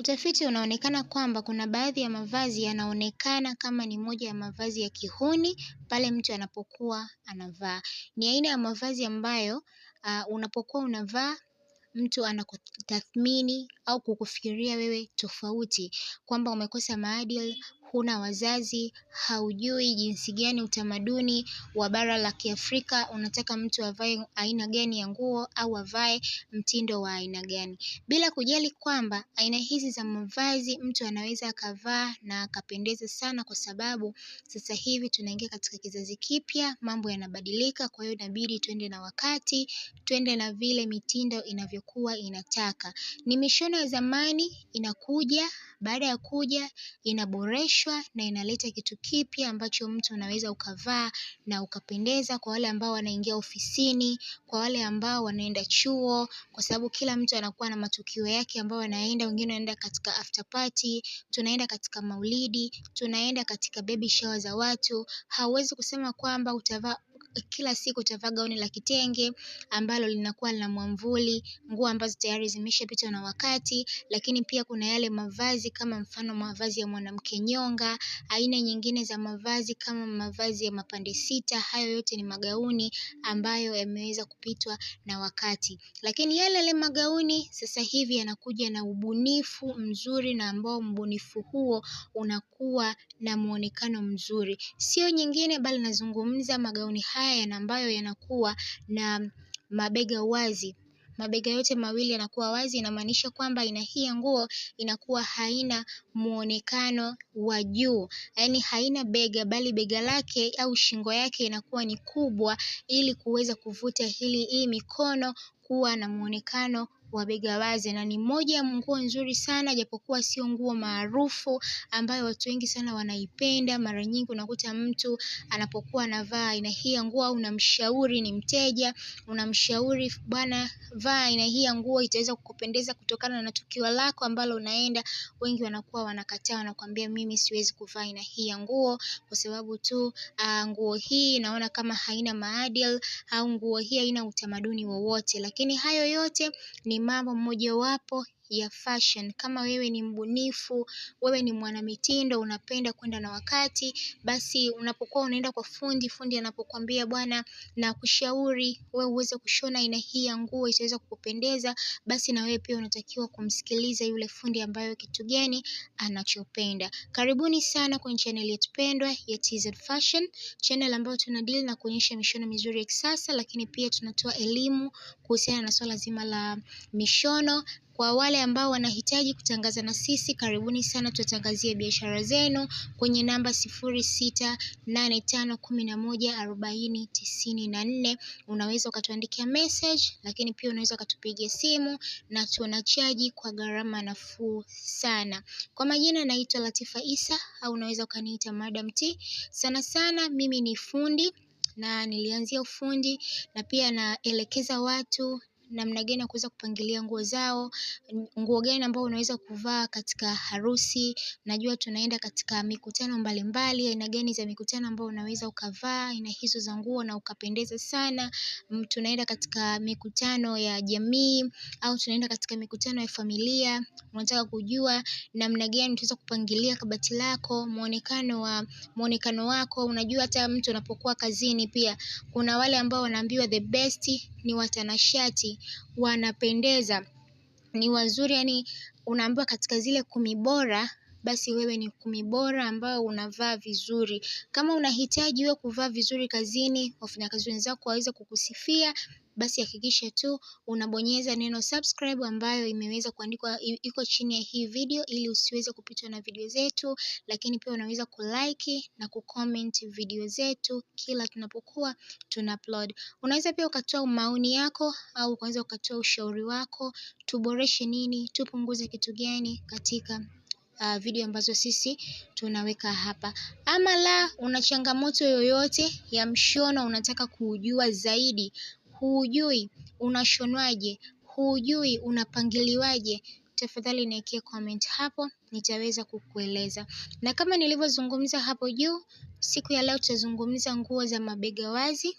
Utafiti unaonekana kwamba kuna baadhi ya mavazi yanaonekana kama ni moja ya mavazi ya kihuni pale mtu anapokuwa anavaa. Ni aina ya mavazi ambayo ah, unapokuwa unavaa mtu anakutathmini au kukufikiria wewe tofauti kwamba umekosa maadili huna wazazi haujui jinsi gani utamaduni wa bara la Kiafrika unataka mtu avae aina gani ya nguo au avae mtindo wa aina gani bila kujali kwamba aina hizi za mavazi mtu anaweza akavaa na akapendeza sana kwa sababu sasa hivi tunaingia katika kizazi kipya mambo yanabadilika kwa hiyo inabidi twende na wakati twende na vile mitindo inavyokuwa inataka ni mishono ya zamani inakuja, baada ya kuja inaboreshwa na inaleta kitu kipya ambacho mtu unaweza ukavaa na ukapendeza, kwa wale ambao wanaingia ofisini, kwa wale ambao wanaenda chuo, kwa sababu kila mtu anakuwa na matukio yake ambayo anaenda. Wengine wanaenda katika after party, tunaenda katika maulidi, tunaenda katika baby shower za watu. Hauwezi kusema kwamba utavaa kila siku utavaa gauni la kitenge ambalo linakuwa lina mwamvuli, nguo ambazo tayari zimeshapitwa na wakati, lakini pia kuna yale mavazi kama mfano mavazi ya mwanamke nyonga, aina nyingine za mavazi kama mavazi ya mapande sita, hayo yote ni magauni ambayo yameweza kupitwa na wakati. Lakini yale yale magauni sasa hivi yanakuja na ubunifu mzuri na ambao mbunifu huo unakuwa na muonekano mzuri. Sio nyingine bali nazungumza magauni haya haya na ambayo yanakuwa na mabega wazi. Mabega yote mawili yanakuwa wazi inamaanisha kwamba aina hii ya nguo inakuwa haina muonekano wa juu, yaani haina bega bali bega lake au shingo yake inakuwa ni kubwa ili kuweza kuvuta hili hii mikono kuwa na muonekano wa bega wazi na ni moja ya nguo nzuri sana japokuwa sio nguo maarufu ambayo watu wengi sana wanaipenda. Mara nyingi unakuta mtu anapokuwa anavaa aina hii ya nguo au unamshauri ni mteja, unamshauri bwana, vaa aina hii ya nguo itaweza kukupendeza kutokana na tukio lako ambalo unaenda. Wengi wanakuwa wanakataa, wanakuambia mimi siwezi kuvaa aina hii ya nguo kwa sababu tu ah, nguo hii naona kama haina maadili au nguo hii haina utamaduni wowote, lakini hayo yote ni ulemavu mmojawapo ya fashion. Kama wewe ni mbunifu, wewe ni mwanamitindo, unapenda kwenda na wakati, basi unapokuwa unaenda kwa fundi, fundi anapokuambia bwana, na kushauri wewe uweze kushona aina hii ya nguo itaweza kukupendeza, basi na wewe pia unatakiwa kumsikiliza yule fundi ambayo kitu gani anachopenda. Karibuni sana kwenye channel yetu pendwa ya TZ Fashion, channel ambayo deal na kuonyesha mishono mizuri ya kisasa, lakini pia tunatoa elimu kuhusiana na swala zima la mishono kwa wale ambao wanahitaji kutangaza na sisi, karibuni sana, tuwatangazia biashara zenu kwenye namba 0685114094. Unaweza ukatuandikia message, lakini pia unaweza ukatupigia simu na tunachaji kwa gharama nafuu sana. Kwa majina naitwa Latifa Isa au unaweza ukaniita Madam T. Sana sana mimi ni fundi na nilianzia ufundi na pia naelekeza watu namna gani ya kuweza kupangilia nguo zao, nguo gani ambao unaweza kuvaa katika harusi, najua tunaenda katika mikutano mbalimbali, aina gani za mikutano ambao unaweza ukavaa aina hizo za nguo na ukapendeza sana. Mm, tunaenda katika mikutano ya jamii au tunaenda katika mikutano ya familia, unataka kujua namna gani utaweza kupangilia kabati lako, muonekano wa muonekano wako. Unajua hata mtu anapokuwa kazini pia kuna wale ambao wanaambiwa the best ni watanashati wanapendeza ni wazuri yaani unaambiwa katika zile kumi bora basi wewe ni kumi bora ambao unavaa vizuri. Kama unahitaji wewe kuvaa vizuri kazini, wafanyakazi wenzako waweze kukusifia basi hakikisha tu unabonyeza neno subscribe ambayo imeweza kuandikwa iko chini ya hii video ili usiweze kupitwa na video zetu, lakini pia unaweza kulike na kucomment video zetu kila tunapokuwa tuna upload. Unaweza pia ukatoa maoni yako au ukaweza ukatoa ushauri wako, tuboreshe nini, tupunguze kitu gani katika uh, video ambazo sisi tunaweka hapa. Ama la, una changamoto yoyote ya mshono unataka kujua zaidi, huujui unashonwaje, huujui unapangiliwaje, tafadhali niwekee comment hapo, nitaweza kukueleza. Na kama nilivyozungumza hapo juu, siku ya leo tutazungumza nguo za mabega wazi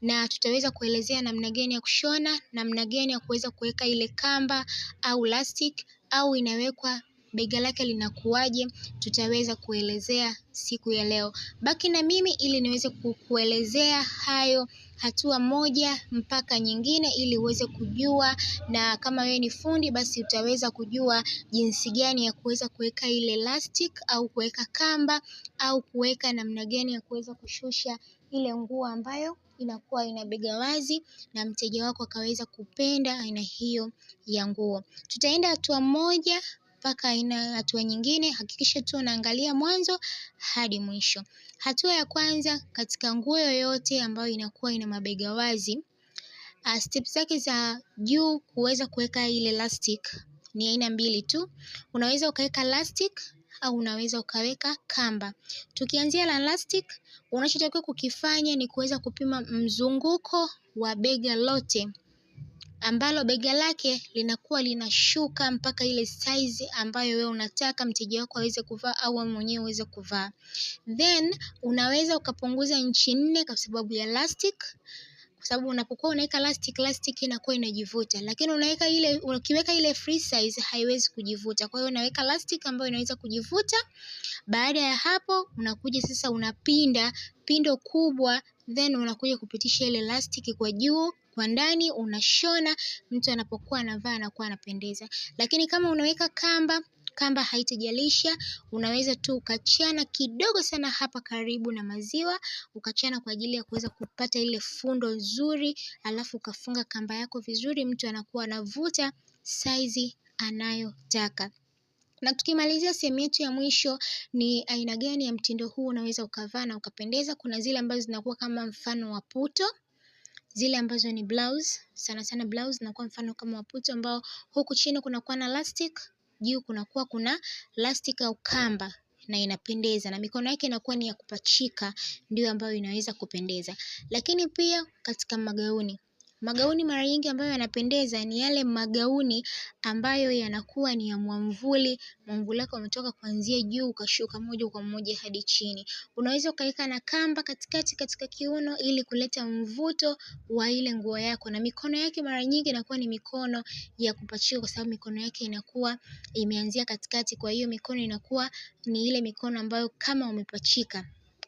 na tutaweza kuelezea namna gani ya kushona, namna gani ya kuweza kuweka ile kamba au elastic au inawekwa bega lake linakuwaje, tutaweza kuelezea siku ya leo. Baki na mimi ili niweze kukuelezea hayo hatua moja mpaka nyingine, ili uweze kujua, na kama wewe ni fundi, basi utaweza kujua jinsi gani ya kuweza kuweka ile elastic au kuweka kamba au kuweka namna gani ya kuweza kushusha ile nguo ambayo inakuwa ina bega wazi na mteja wako akaweza kupenda aina hiyo ya nguo. Tutaenda hatua moja mpaka aina hatua nyingine, hakikisha tu unaangalia mwanzo hadi mwisho. Hatua ya kwanza katika nguo yoyote ambayo inakuwa ina mabega wazi, uh, ah, step zake za juu kuweza kuweka ile elastic ni aina mbili tu. Unaweza ukaweka elastic au unaweza ukaweka kamba. Tukianzia la elastic, unachotakiwa kukifanya ni kuweza kupima mzunguko wa bega lote ambalo bega lake linakuwa linashuka mpaka ile size ambayo wewe unataka mteja wako aweze kuvaa au wewe mwenyewe uweze kuvaa. Then unaweza ukapunguza inchi nne kwa sababu ya elastic kwa sababu unapokuwa unaweka elastic, elastic inakuwa inajivuta, lakini unaweka ile ukiweka ile free size haiwezi kujivuta. Kwa hiyo unaweka elastic ambayo inaweza kujivuta. Baada ya hapo, unakuja sasa unapinda pindo kubwa, then unakuja kupitisha ile elastic kwa juu kwa ndani unashona, mtu anapokuwa anavaa anakuwa anapendeza. Lakini kama unaweka kamba kamba haitajalisha, unaweza tu ukachana kidogo sana hapa karibu na maziwa, ukachana kwa ajili ya kuweza kupata ile fundo nzuri, alafu ukafunga kamba yako vizuri, mtu anakuwa anavuta saizi anayotaka. Na tukimalizia sehemu yetu ya mwisho ni aina gani ya mtindo huu unaweza ukavaa na ukapendeza. Kuna zile ambazo zinakuwa kama mfano wa puto zile ambazo ni blouse, sana sana blouse na kwa mfano kama waputo ambao huku chini kunakuwa na elastic, juu kunakuwa kuna elastic au kamba na inapendeza na mikono yake inakuwa ni ya kupachika, ndio ambayo inaweza kupendeza. Lakini pia katika magauni Magauni mara nyingi ambayo yanapendeza ni yale magauni ambayo yanakuwa ni ya mwamvuli, mwamvuli wake umetoka kuanzia juu ukashuka moja kwa moja hadi chini. Unaweza ukaweka na kamba katikati katika kiuno ili kuleta mvuto wa ile nguo yako na mikono yake mara nyingi inakuwa ni mikono ya kupachika kwa sababu mikono yake inakuwa imeanzia katikati kwa hiyo mikono inakuwa ni ile mikono ambayo kama umepachika.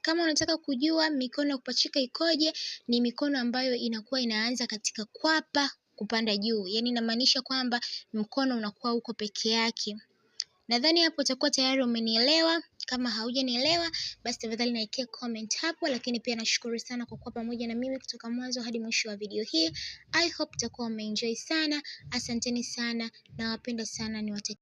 Kama unataka kujua mikono ya kupachika ikoje, ni mikono ambayo inakuwa inaanza katika kwapa kupanda juu, yaani inamaanisha kwamba mkono unakuwa uko peke yake. Nadhani hapo utakuwa tayari umenielewa. Kama haujanielewa basi tafadhali naikia comment hapo, lakini pia nashukuru sana kwa kuwa pamoja na mimi kutoka mwanzo hadi mwisho wa video hii. I hope utakuwa umeenjoy sana. Asanteni sana, nawapenda sana, niwatakia